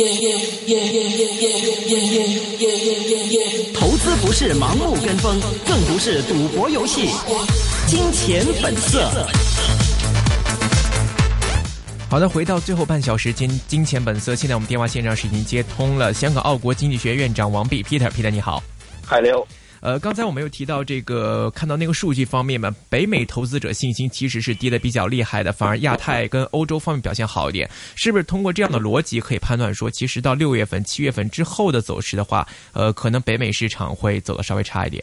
Yeah, yeah, yeah, yeah, yeah, yeah, yeah, yeah 投資不是盲目跟風，更不是賭博遊戲。金錢本色。好的，回到最後半小時，金金錢本色。現在我們電話線上是已經接通了香港奧國經濟學院院長王弼 Peter，Peter Peter, 你好，海流。呃，剛才我們有提到這個，看到那個數據方面嘛，北美投資者信心其實是跌得比較厲害的，反而亞太跟歐洲方面表現好一點，是不是？通過這樣的邏輯可以判斷說，其實到六月份、七月份之後的走勢的話，呃，可能北美市場會走得稍微差一點。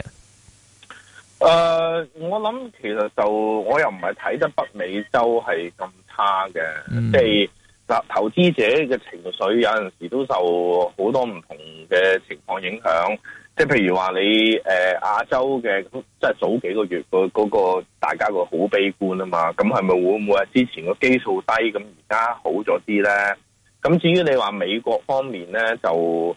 呃，我諗其實就我又唔係睇得北美洲係咁差嘅，嗯，即係嗱，投資者嘅情緒有陣時都受好多唔同嘅情況影響。即係譬如話你誒亞洲嘅，即係早幾個月嗰嗰個大家個好悲觀啊嘛，咁係咪會唔會係之前個基數低，咁而家好咗啲咧？咁至於你話美國方面咧，就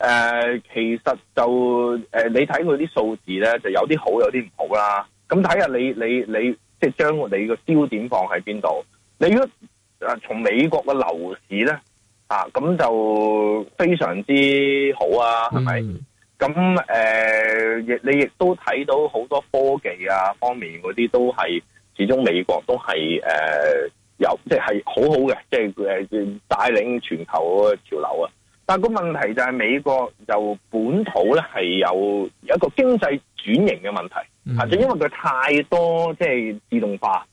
誒其實就誒你睇佢啲數字咧，就有啲好，有啲唔好啦。咁睇下你你你即係將你個焦點放喺邊度？你如果誒從美國嘅樓市咧啊，咁就非常之好啊，係咪？咁誒，亦、呃、你亦都睇到好多科技啊方面嗰啲都係，始終美國都係誒、呃、有，即係好好嘅，即係佢誒帶領全球個潮流啊。但個問題就係美國就本土咧係有有一個經濟轉型嘅問題啊，就、mm-hmm. 因為佢太多即係自動化，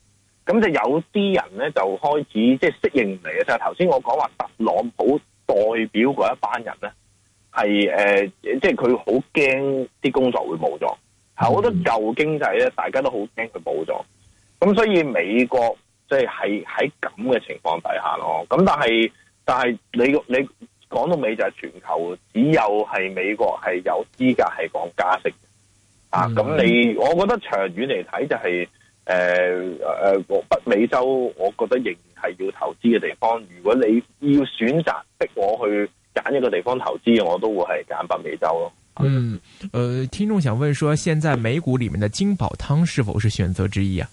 咁就有啲人咧就開始即係適應唔嚟嘅，就係頭先我講話特朗普代表嗰一班人咧。係誒、呃，即係佢好驚啲工作會冇咗。吓、嗯，我覺得舊經濟咧，大家都好驚佢冇咗。咁所以美國即係喺喺咁嘅情況底下咯。咁但係但係你你講到尾就係全球只有係美國係有資格係講加息。啊，咁你我覺得長遠嚟睇就係誒誒，北美洲我覺得仍然係要投資嘅地方。如果你要選擇逼我去。揀一個地方投資嘅，我都會係揀北美洲咯。嗯，誒、呃，聽眾想問說，現在美股裡面嘅金寶湯是否是選擇之一啊？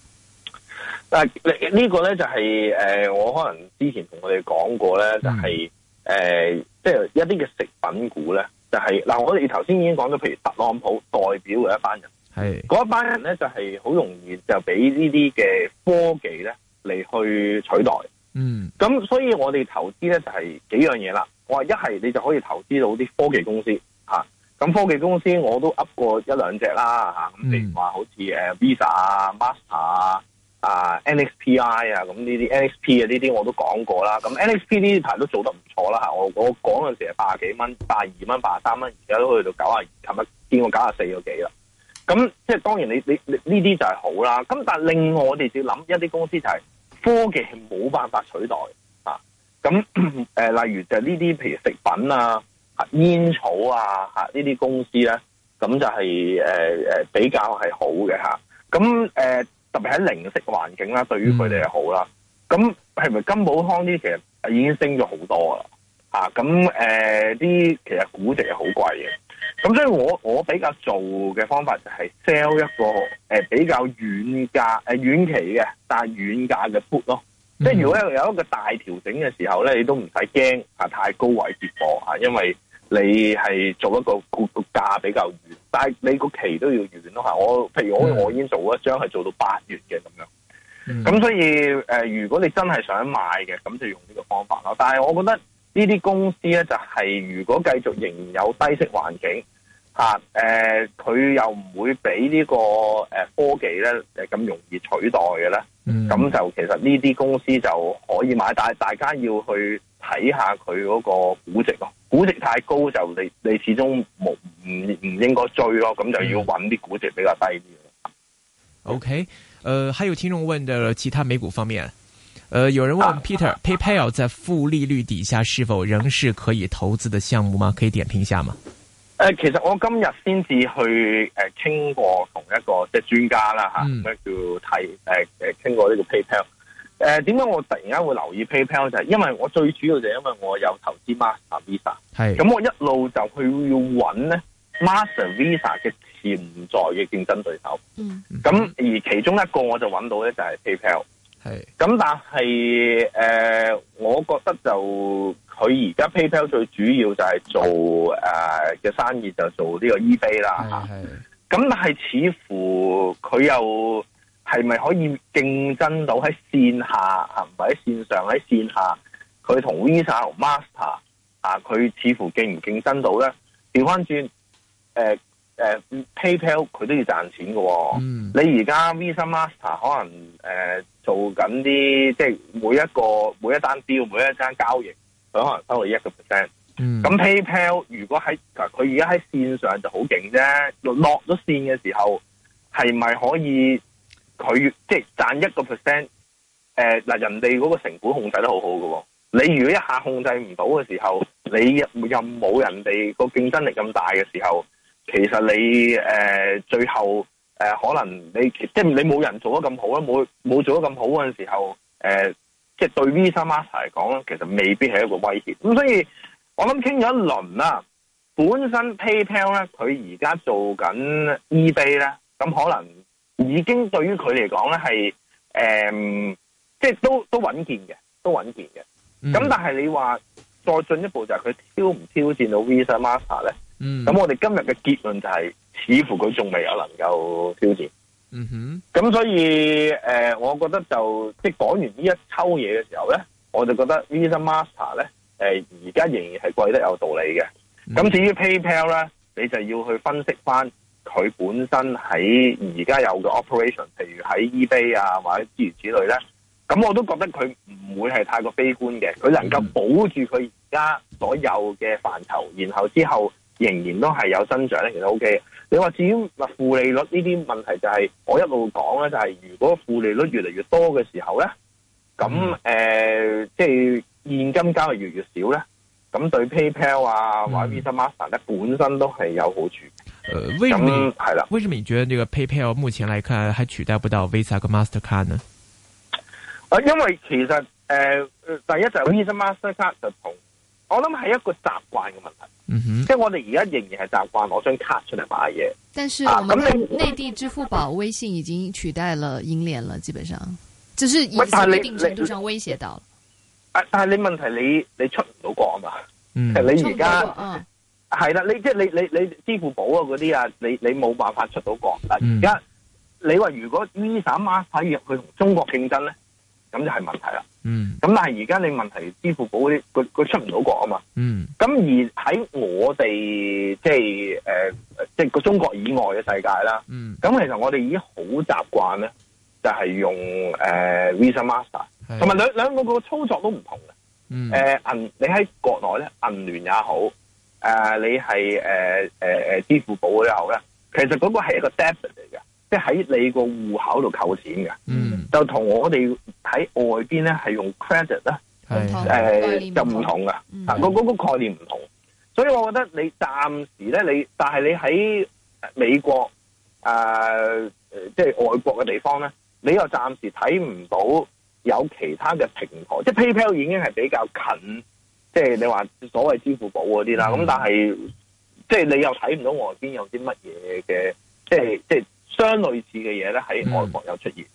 嗱、呃，呢、這個咧就係、是、誒、呃，我可能之前同我哋講過咧、就是嗯呃，就係誒，即係一啲嘅食品股咧、就是，就係嗱，我哋頭先已經講咗，譬如特朗普代表嘅一班人，係嗰一班人咧，就係好容易就俾呢啲嘅科技咧嚟去取代。嗯，咁所以我哋投資咧就係幾樣嘢啦。我話一係你就可以投資到啲科技公司嚇，咁、啊、科技公司我都噏過一兩隻啦嚇，咁、嗯、譬如話好似誒 Visa Master,、uh, NXPI 啊、Master 啊、啊 NXP 啊，咁呢啲 NXP 啊呢啲我都講過啦，咁 NXP 呢啲牌都做得唔錯啦嚇，我我講嗰陣時係八十幾蚊、八十二蚊、八十三蚊，而家都去到九十二，琴日見過九十四個幾啦。咁即係當然你你呢啲就係好啦，咁但係另外我哋要諗一啲公司就係科技係冇辦法取代的。咁、呃、例如就呢啲，譬如食品啊、煙草啊，呢、啊、啲公司咧，咁就係、是、誒、呃、比較係好嘅嚇。咁誒、呃、特別喺零食環境啦，對於佢哋係好啦。咁係咪金寶湯啲其實已經升咗好多啦，咁誒、啲其實估值係好貴嘅。咁所以我我比較做嘅方法就係 sell 一個誒、呃、比較遠價誒遠、呃、期嘅，但係遠價嘅 put 咯。嗯、即係如果有一個大調整嘅時候咧，你都唔使驚啊，太高位跌破啊，因為你係做一個個價比較遠，但係你個期都要遠咯嚇。我譬如我我已經做咗一張係做到八月嘅咁樣，咁、嗯、所以誒，如果你真係想買嘅，咁就用呢個方法咯。但係我覺得呢啲公司咧，就係如果繼續仍有低息環境。啊！誒、呃，佢又唔會俾呢個誒科技咧誒咁容易取代嘅咧，咁、嗯、就其實呢啲公司就可以買，但係大家要去睇下佢嗰個估值咯。估值太高就你你始終冇唔唔應該追咯，咁就要搵啲估值比較低啲、嗯。OK，誒、呃，還有聽眾問的其他美股方面，誒、呃、有人問 Peter、啊、PayPal 在負利率底下是否仍是可以投資的項目嗎？可以點評下嗎？誒、呃，其實我今日先至去誒傾、呃、過同一個即係專家啦吓，睇誒誒傾過呢個 PayPal。誒、呃，點解我突然間會留意 PayPal 就係因為我最主要就係因為我有投資 Master Visa，係。咁我一路就去要搵咧 Master Visa 嘅潛在嘅競爭對手。咁、嗯、而其中一個我就搵到咧就係 PayPal。係。咁但係誒、呃，我覺得就。佢而家 PayPal 最主要就係做誒嘅、呃、生意，就做呢個 eBay 啦嚇。咁但係似乎佢又係咪可以競爭到喺線下唔，或喺線上喺線下，佢同 Visa 同 Master 啊，佢似乎競唔競爭到咧？調翻轉誒 PayPal 佢都要賺錢嘅喎、哦嗯。你而家 Visa Master 可能誒、呃、做緊啲，即係每一個每一單標，每一單交易。佢可能收你一個 percent，咁 PayPal 如果喺佢而家喺綫上就好勁啫，落咗綫嘅時候係咪可以佢即係賺一個 percent？誒嗱，人哋嗰個成本控制得好好嘅，你如果一下控制唔到嘅時候，你又冇人哋個競爭力咁大嘅時候，其實你誒、呃、最後誒、呃、可能你即係、就是、你冇人做得咁好啦，冇冇做得咁好嗰陣時候誒。呃即係對 Visa Master 嚟講咧，其實未必係一個威脅。咁所以，我諗傾咗一輪啦，本身 PayPal 咧，佢而家做緊 eBay 咧，咁可能已經對於佢嚟講咧係，誒、嗯，即係都都穩健嘅，都穩健嘅。咁、mm. 但係你話再進一步就係佢挑唔挑戰到 Visa Master 咧？咁、mm. 我哋今日嘅結論就係、是，似乎佢仲未有能夠挑戰。嗯哼，咁 所以誒、呃，我覺得就即係講完呢一抽嘢嘅時候咧，我就覺得 Visa Master 咧，誒而家仍然係貴得有道理嘅。咁 至於 PayPal 咧，你就要去分析翻佢本身喺而家有嘅 operation，譬如喺 eBay 啊或者諸如此類咧。咁我都覺得佢唔會係太過悲觀嘅，佢能夠保住佢而家所有嘅範疇，然後之後仍然都係有增長咧，其實 O、OK、K 你話至於嗱負利率呢啲問題就係、是、我一路講咧就係如果負利率越嚟越多嘅時候咧，咁誒、嗯呃、即係現金交易越嚟越少咧，咁對 PayPal 啊、嗯、或者 Visa Master 咧本身都係有好處。咁係啦，為什麼你覺得呢個 PayPal 目前嚟看還取代不到 Visa 個 Master 卡呢？啊、呃，因為其實誒、呃，第一就係 Visa Master 卡、嗯、就同。我諗係一個習慣嘅問題，嗯、即係我哋而家仍然係習慣攞張卡出嚟買嘢。但係咁你內地支付寶、微信已經取代咗銀聯了、啊，基本上就是一定程度上威脅到了。但係你問題你，你出唔、啊嗯、出唔你出唔到國啊嘛？嗯，你而家係啦，你即係你你你支付寶啊嗰啲啊，你你冇辦法出到國。嗱，而家你話如果 Visa Master 啊，可以入去同中國競爭咧？咁就係問題啦。嗯，咁但係而家你問題，支付寶啲佢佢出唔到國啊嘛。嗯，咁而喺我哋即係、呃、即係中國以外嘅世界啦。嗯，咁其實我哋已經好習慣咧，就係、是、用、呃、Visa Master、Master，同埋兩兩個個操作都唔同嘅、嗯呃。你喺國內咧，銀聯也好，呃、你係、呃呃、支付寶嗰好咧，其實嗰個係一個 debit 即係喺你個戶口度扣錢嘅、嗯，就同我哋喺外邊咧係用 credit 啦，誒就唔同噶，個、嗯、嗰、那個概念唔同、嗯，所以我覺得你暫時咧，你但係你喺美國誒，即、呃、係、就是、外國嘅地方咧，你又暫時睇唔到有其他嘅平台，即、就、係、是、PayPal 已經係比較近，即、就、係、是、你話所謂支付寶嗰啲啦，咁、嗯、但係即係你又睇唔到外邊有啲乜嘢嘅，即係即係。就是相類似嘅嘢咧喺外國有出現，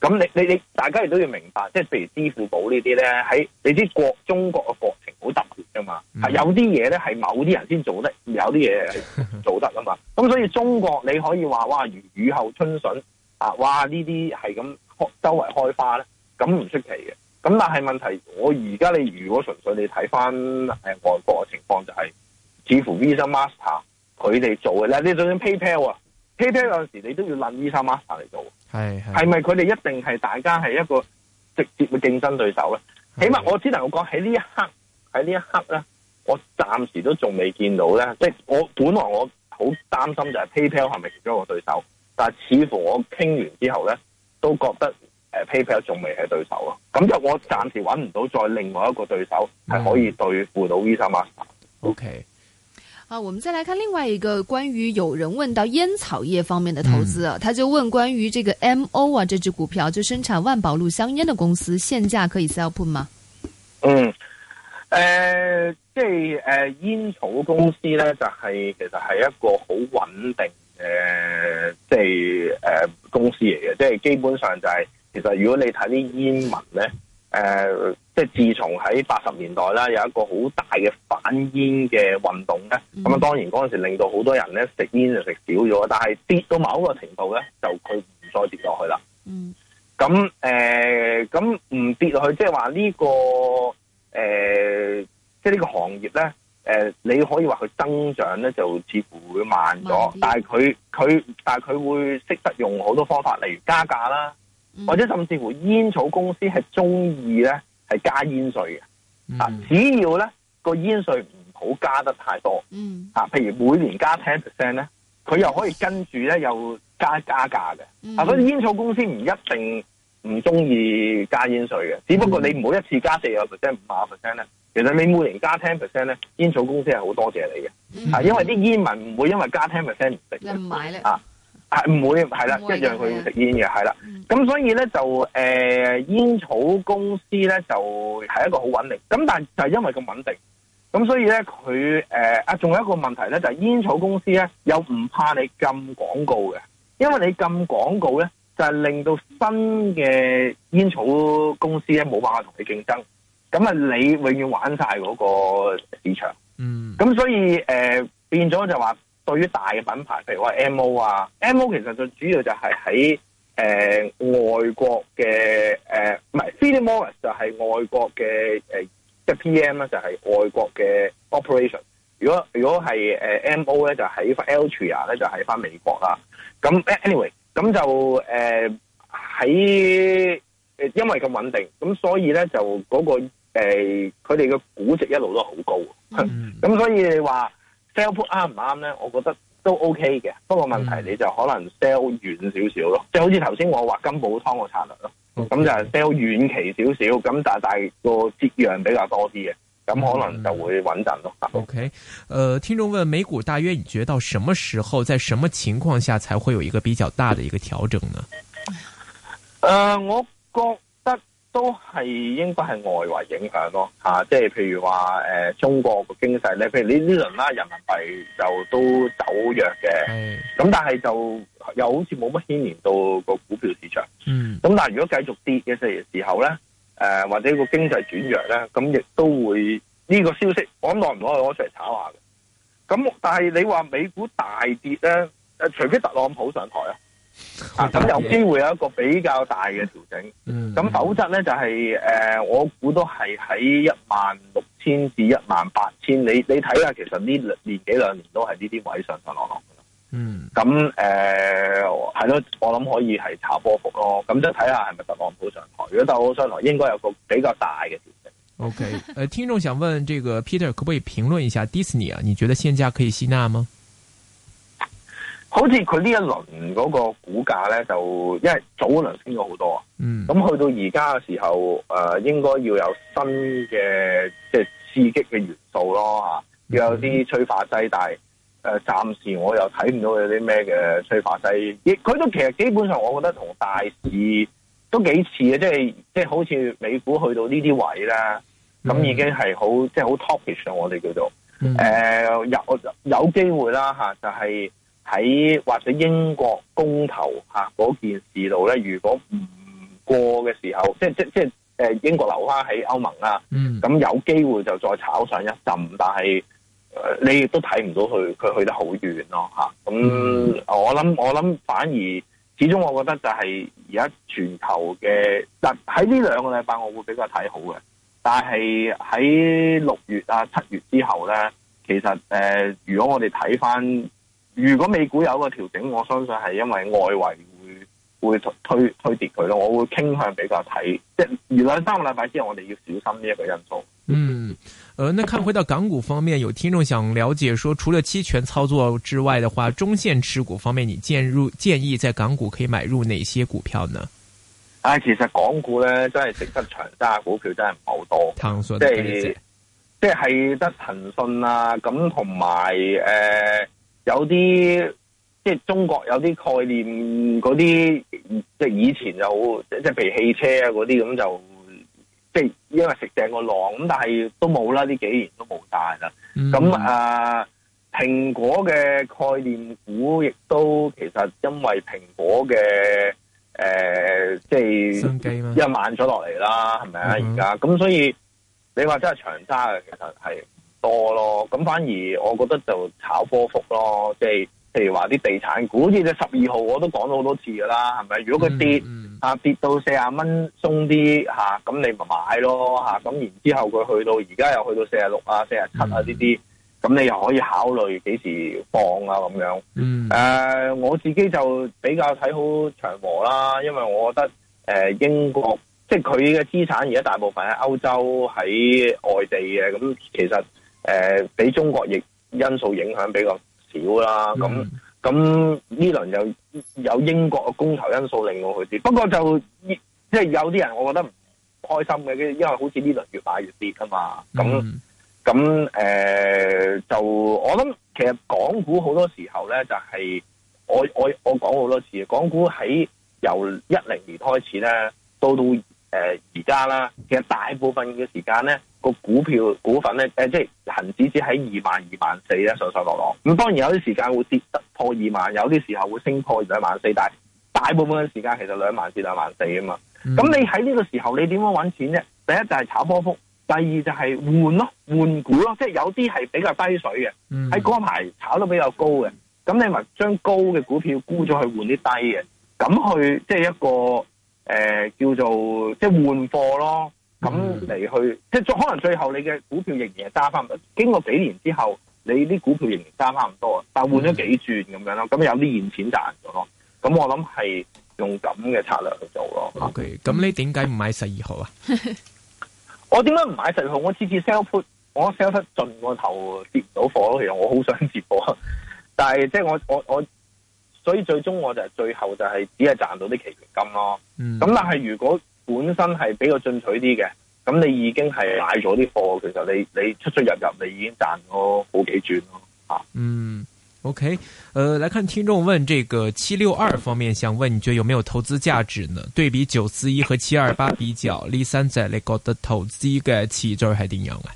嗯，咁你你你大家亦都要明白，即係譬如支付寶這些呢啲咧喺你知國中國嘅國情好特別噶嘛。係、嗯、有啲嘢咧係某啲人先做得，有啲嘢係做得噶嘛，咁 所以中國你可以話哇如雨後春筍啊，哇呢啲係咁周圍開花咧，咁唔出奇嘅。咁但係問題我而家你如果純粹你睇翻誒外國嘅情況就係、是，似乎 Visa Master 佢哋做嘅，嗱你就算 PayPal 啊。PayPal 有時你都要攔 Visa Master 嚟做，係，係咪佢哋一定係大家係一個直接嘅競爭對手咧？起碼我只能夠講喺呢一刻喺呢一刻咧，我暫時都仲未見到咧，即係我本來我好擔心就係 PayPal 係咪其中一個對手，但係似乎我傾完之後咧，都覺得誒 PayPal 仲未係對手啊。咁就我暫時揾唔到再另外一個對手係可以對付到 m Visa Master。O K。Okay. 好，我們再來看另外一個關於有人問到煙草業方面的投資啊，嗯、他就問關於這個 MO 啊這支股票，就生產萬寶路香煙的公司，現價可以 sell 嗎？嗯，誒、呃，即係誒，煙、呃、草公司咧就係、是、其實係一個好穩定嘅、呃，即係誒、呃、公司嚟嘅，即係基本上就係、是、其實如果你睇啲煙民咧。誒、呃，即係自從喺八十年代啦，有一個好大嘅反煙嘅運動咧，咁、嗯、啊，當然嗰陣時令到好多人咧食煙就食少咗，但係跌到某一個程度咧，就佢唔再跌落去啦。嗯，咁誒，咁、呃、唔跌落去，即係話呢個誒，即係呢個行業咧，誒、呃，你可以話佢增長咧就似乎會慢咗，但係佢佢但係佢會識得用好多方法嚟加價啦。或者甚至乎煙草公司係中意咧係加煙稅嘅，啊、嗯、只要咧個煙稅唔好加得太多，啊、嗯、譬如每年加 ten percent 咧，佢又可以跟住咧又加加價嘅，啊、嗯、所以煙草公司唔一定唔中意加煙稅嘅、嗯，只不過你唔好一次加四十 percent 五十 percent 咧，其實你每年加 ten percent 咧，煙草公司係好多謝你嘅，啊、嗯、因為啲煙民唔會因為加 ten percent 唔食，唔買咧啊。係唔會係啦，一樣佢要食煙嘅係啦，咁、嗯、所以咧就誒煙、呃、草公司咧就係、是、一個好穩定，咁但係就因為咁穩定，咁所以咧佢誒啊仲有一個問題咧就係、是、煙草公司咧又唔怕你禁廣告嘅，因為你禁廣告咧就係、是、令到新嘅煙草公司咧冇辦法同你競爭，咁啊你永遠玩晒嗰個市場，嗯，咁所以誒、呃、變咗就話。對於大嘅品牌，譬如話 M O 啊，M O 其實最主要就係喺誒外國嘅誒，唔係 Philip Morris 就係外國嘅誒，即係 P M 啦，PM、就係外國嘅 operation。如果如果係誒 M O 咧，呃 MO、就喺翻 Altria 咧，就喺翻美國啦。咁 anyway，咁就誒喺誒，因為咁穩定，咁所以咧就嗰、那個佢哋嘅估值一路都好高，咁、mm. 所以你話。sell 啱唔啱咧？我覺得都 OK 嘅，不過問題你就可能 sell 遠少少咯，即、嗯、係好似頭先我話金寶湯個策略咯，咁、okay. 就 sell 遠期少少，咁但大個折讓比較多啲嘅，咁可能就會穩陣咯。OK，呃，聽眾問：美股大約你覺得到什麼時候，在什麼情況下，才會有一個比較大嘅一個調整呢？呃，我覺。都係應該係外圍影響咯、啊，吓、啊，即係譬如話誒、呃，中國個經濟咧，譬如你呢輪啦，人民幣就都走弱嘅，咁但係就又好似冇乜牽連到個股票市場，咁、嗯、但係如果繼續跌嘅時候咧，誒、呃、或者個經濟轉弱咧，咁、嗯、亦、嗯、都會呢、這個消息，我諗耐唔耐攞出嚟炒下嘅，咁但係你話美股大跌咧，誒，除非特朗普上台啊。啊、嗯，咁有機會有一個比較大嘅調整，咁否則咧就係、是、誒、呃，我估都係喺一萬六千至一萬八千，你你睇下，其實呢年幾兩年都係呢啲位上上落落，嗯，咁誒係咯，我諗可以係炒波幅咯，咁即睇下係咪特朗普上台，如果特朗普上台，應該有一個比較大嘅調整。OK，誒、呃，聽眾想問這個 Peter 可不可以評論一下 Disney 啊？你覺得現價可以吸納嗎？好似佢呢一輪嗰個股價咧，就因為早嗰輪升咗好多啊，咁、嗯、去到而家嘅時候，誒、呃，應該要有新嘅即係刺激嘅元素咯吓，要有啲催化劑，但係誒，暫、呃、時我又睇唔到有啲咩嘅催化劑。亦佢都其實基本上，我覺得同大市都幾似嘅，即係即係好似美股去到呢啲位，嗯就是嗯呃、啦，咁已經係好即係好 topish 我哋叫做誒有有機會啦吓，就係、是。喺或者英國公投嚇嗰件事度咧，如果唔過嘅時候，即即即誒英國留翻喺歐盟啦，咁、mm. 有機會就再炒上一陣，但係你亦都睇唔到佢佢去得好遠咯嚇。咁我諗我諗，反而始終我覺得就係而家全球嘅，但喺呢兩個禮拜，我會比較睇好嘅。但係喺六月啊七月之後咧，其實誒、呃，如果我哋睇翻。如果美股有個調整，我相信係因為外圍會會推推跌佢咯。我會傾向比較睇，即係而兩三個禮拜之後，我哋要小心呢一個因素。嗯，呃，那看回到港股方面，有聽眾想了解說，除了期權操作之外的話，中線持股方面，你建入建議在港股可以買入哪些股票呢？唉，其實港股咧真係值得長揸嘅股票真係唔好多，騰訊即、嗯、即係得騰訊啊，咁同埋誒。呃有啲即係中國有啲概念嗰啲，即係以前有即係譬如汽車啊嗰啲咁就，即係因為食正個浪咁，但係都冇啦，呢幾年都冇晒啦。咁、嗯、啊、呃、蘋果嘅概念股亦都其實因為蘋果嘅誒、呃，即係一慢咗落嚟啦，係咪啊？而家咁所以你話真係長揸嘅，其實係。多咯，咁反而我覺得就炒波幅咯，即係譬如話啲地產股，好似就十二號我都講咗好多次噶啦，係咪？如果佢跌啊跌到四十蚊鬆啲吓，咁你咪買咯吓，咁、啊、然之後佢去到而家又去到四十六啊四十七啊呢啲，咁、嗯、你又可以考慮幾時放啊咁樣。誒、嗯呃，我自己就比較睇好長和啦，因為我覺得誒、呃、英國即係佢嘅資產而家大部分喺歐洲喺外地嘅，咁其實。誒、呃，比中國疫因素影響比較少啦，咁咁呢輪有有英國嘅公投因素令到佢跌，不過就即係、就是、有啲人我覺得唔開心嘅，因為好似呢輪越買越跌啊嘛，咁咁誒，就我諗其實港股好多時候咧就係、是、我我我講好多次，港股喺由一零年開始咧到到誒而家啦，其實大部分嘅時間咧。個股票股份咧，誒，即係恒指只喺二萬二萬四咧上上落落，咁當然有啲時間會跌得破二萬，有啲時候會升破二萬四，但係大部分嘅時間其實兩萬至兩萬四啊嘛。咁、嗯、你喺呢個時候你點樣搵錢啫？第一就係炒波幅，第二就係換咯，換股咯，即係有啲係比較低水嘅，喺嗰排炒得比較高嘅，咁你咪將高嘅股票沽咗去換啲低嘅，咁去即係一個誒、呃、叫做即係換貨咯。咁嚟去，即係可能最後你嘅股票仍然係揸翻，經過幾年之後，你啲股票仍然揸翻唔多啊，但係換咗幾轉咁樣咯，咁有啲現錢賺咗咯。咁我諗係用咁嘅策略去做咯。OK，咁你點解唔買十二號啊？ 我點解唔買十二號？我次次 sell put，我 sell 得盡個頭跌唔到貨咯。其實我好想接貨，但係即係我我我，所以最終我就係、是、最後就係只係賺到啲期權金咯。咁但係如果。本身係比較進取啲嘅，咁你已經係買咗啲貨，其實你你出出入入，你已經賺咗好幾轉咯，吓。嗯，OK，誒、呃，來看聽眾問，這個七六二方面，想問你覺得有沒有投資價值呢？對比九四一和七二八比較，呢三隻你覺得投資嘅次序係點樣嘅？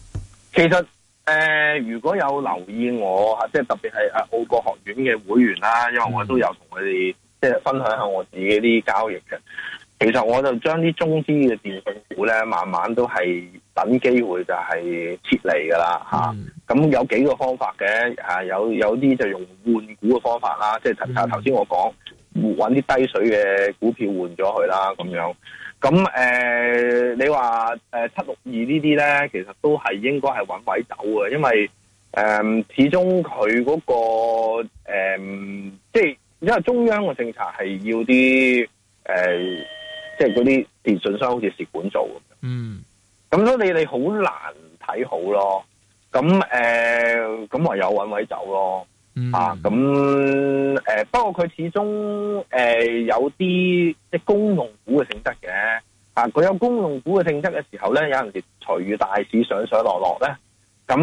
其實誒、呃，如果有留意我吓，即係特別係誒奧國學院嘅會員啦，因為我都有同佢哋即係分享下我自己啲交易嘅。嗯嗯其實我就將啲中資嘅電信股咧，慢慢都係等機會就係撤離噶啦咁有幾個方法嘅有有啲就用換股嘅方法啦，即係頭頭先我講搵啲低水嘅股票換咗佢啦咁樣。咁、呃、你話誒、呃、七六二呢啲咧，其實都係應該係搵位走嘅，因為誒、呃、始終佢嗰個、呃、即係因為中央嘅政策係要啲即係嗰啲電信商好似蝕本做咁，嗯，咁所以你哋好難睇好咯。咁誒，咁唯有搵位走咯，嗯、啊，咁誒、呃，不過佢始終誒、呃、有啲即係公用股嘅性質嘅，啊，佢有公用股嘅性質嘅時候咧，有陣時隨住大市上上落落咧，咁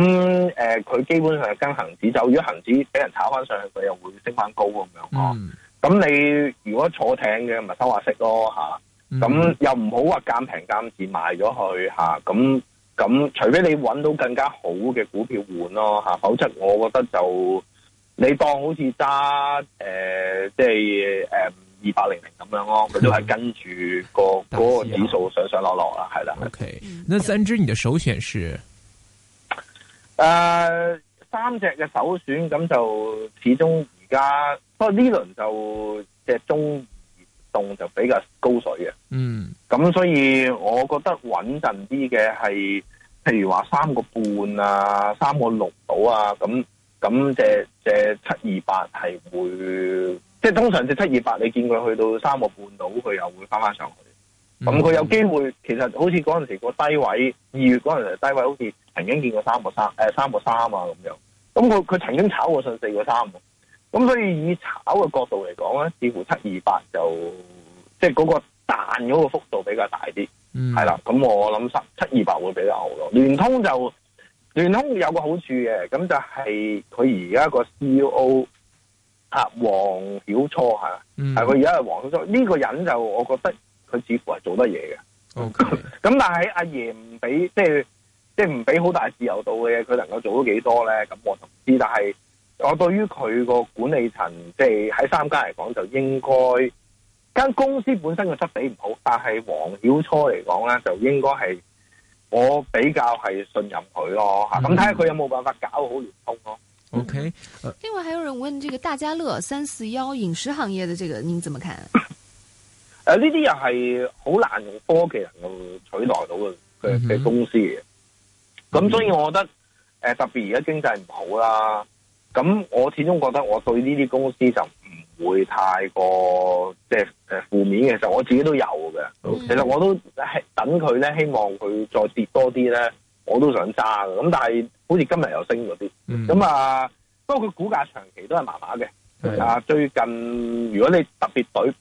誒，佢、呃、基本上跟恆指走。如果恆指俾人炒翻上去，佢又會升翻高咁樣咯。咁、嗯啊、你如果坐艇嘅，咪收下息咯，嚇、啊。咁、嗯嗯、又唔好話咁平咁賤買咗去吓，咁、啊、咁、啊啊、除非你揾到更加好嘅股票換咯吓，否則我覺得就你當好似揸誒，即係誒二八零零咁樣咯，佢、啊嗯、都係跟住、個、嗰個指數上上落落啦，係、嗯、啦。O、okay, K，那三隻，你、嗯呃、的首選是誒，三隻嘅首選咁就始終而家，不過呢輪就隻中。就比較高水嘅，嗯，咁所以我覺得穩陣啲嘅係，譬如話三個半啊，三個六到啊，咁咁借借七二八係會，即係通常借七二八，你見佢去到三個半到，佢又會翻翻上去，咁、嗯、佢有機會，其實好似嗰陣時個低位，二月嗰陣時的低位，好似曾經見過三個三，誒三個三啊咁樣，咁佢佢曾經炒過上四個三喎。咁所以以炒嘅角度嚟講咧，似乎七二八就即係嗰個彈嗰個幅度比較大啲，係、嗯、啦。咁我諗七七二八會比較好咯。聯通就聯通有個好處嘅，咁就係佢而家個 CEO 吓王曉初吓，但係佢而家係王曉初呢、呢個人就我覺得佢似乎係做得嘢嘅。咁、okay. 但係阿爺唔俾，即係即係唔俾好大自由度嘅，佢能夠做咗幾多咧？咁我唔知，但係。我對於佢個管理層，即係喺三家嚟講，就應該間公司本身嘅質地唔好，但係王曉初嚟講咧，就應該係我比較係信任佢咯。嚇，咁睇下佢有冇辦法搞好聯通咯。OK。另外，還有人問：這個大家樂三四一飲食行業的這個，你怎麼看、啊？誒、呃，呢啲又係好難用科技能夠取代到嘅嘅、uh-huh. 公司嘅。咁所以，我覺得誒、呃、特別而家經濟唔好啦、啊。咁我始終覺得我對呢啲公司就唔會太過即係誒負面嘅時候，我自己都有嘅。Okay. 其實我都等佢咧，希望佢再跌多啲咧，我都想揸。咁但係好似今日又升咗啲。咁、mm-hmm. 啊，不過佢股價長期都係麻麻嘅。啊，最近如果你特別對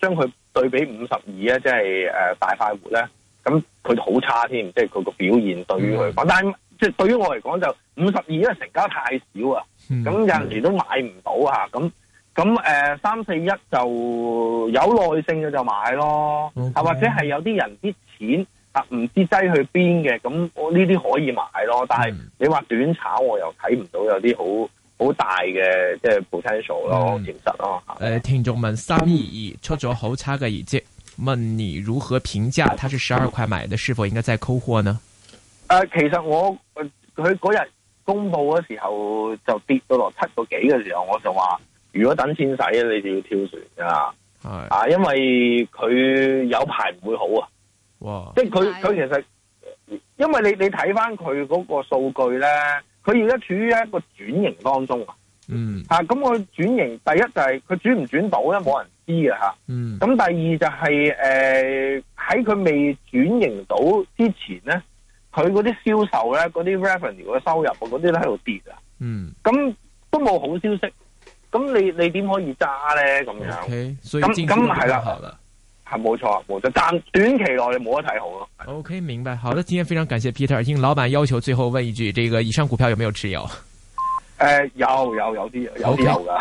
將佢對比五十二咧，即係誒大快活咧，咁佢好差添，即係佢個表現對於佢。即係對於我嚟講就五十二，因為成交太少啊，咁有陣時都買唔到吓，咁咁誒三四一就有耐性嘅就買咯，啊、okay. 或者係有啲人啲錢啊唔知擠去邊嘅，咁我呢啲可以買咯，但係你話短炒我又睇唔到有啲好好大嘅即係 potential 咯，其實咯。誒，聽眾問三二二出咗好差嘅業績，問你如何評價？他是十二塊買的，是否應該再溝貨呢？誒，其實我佢嗰日公布嘅時候就跌到落七個幾嘅時候，我就話如果等錢使，你就要跳船㗎，係啊，因為佢有排唔會好啊，哇！即係佢佢其實，因為你你睇翻佢嗰個數據咧，佢而家處於一個轉型當中啊，嗯，吓，咁佢轉型，第一就係佢轉唔轉到咧，冇人知啊吓，嗯，咁第二就係誒喺佢未轉型到之前咧。佢嗰啲銷售咧，嗰啲 revenue 嘅收入嗰啲都喺度跌啊，嗯，咁都冇好消息，咁你你點可以揸咧咁樣？咁咁係啦，係冇錯，冇錯，但短期內你冇得睇好咯。OK、okay，明白，好啦，今天非常感謝 Peter，應老板要求，最後問一句，這個以上股票有沒有持有？誒、呃，有有有啲有啲噶有。Okay. 有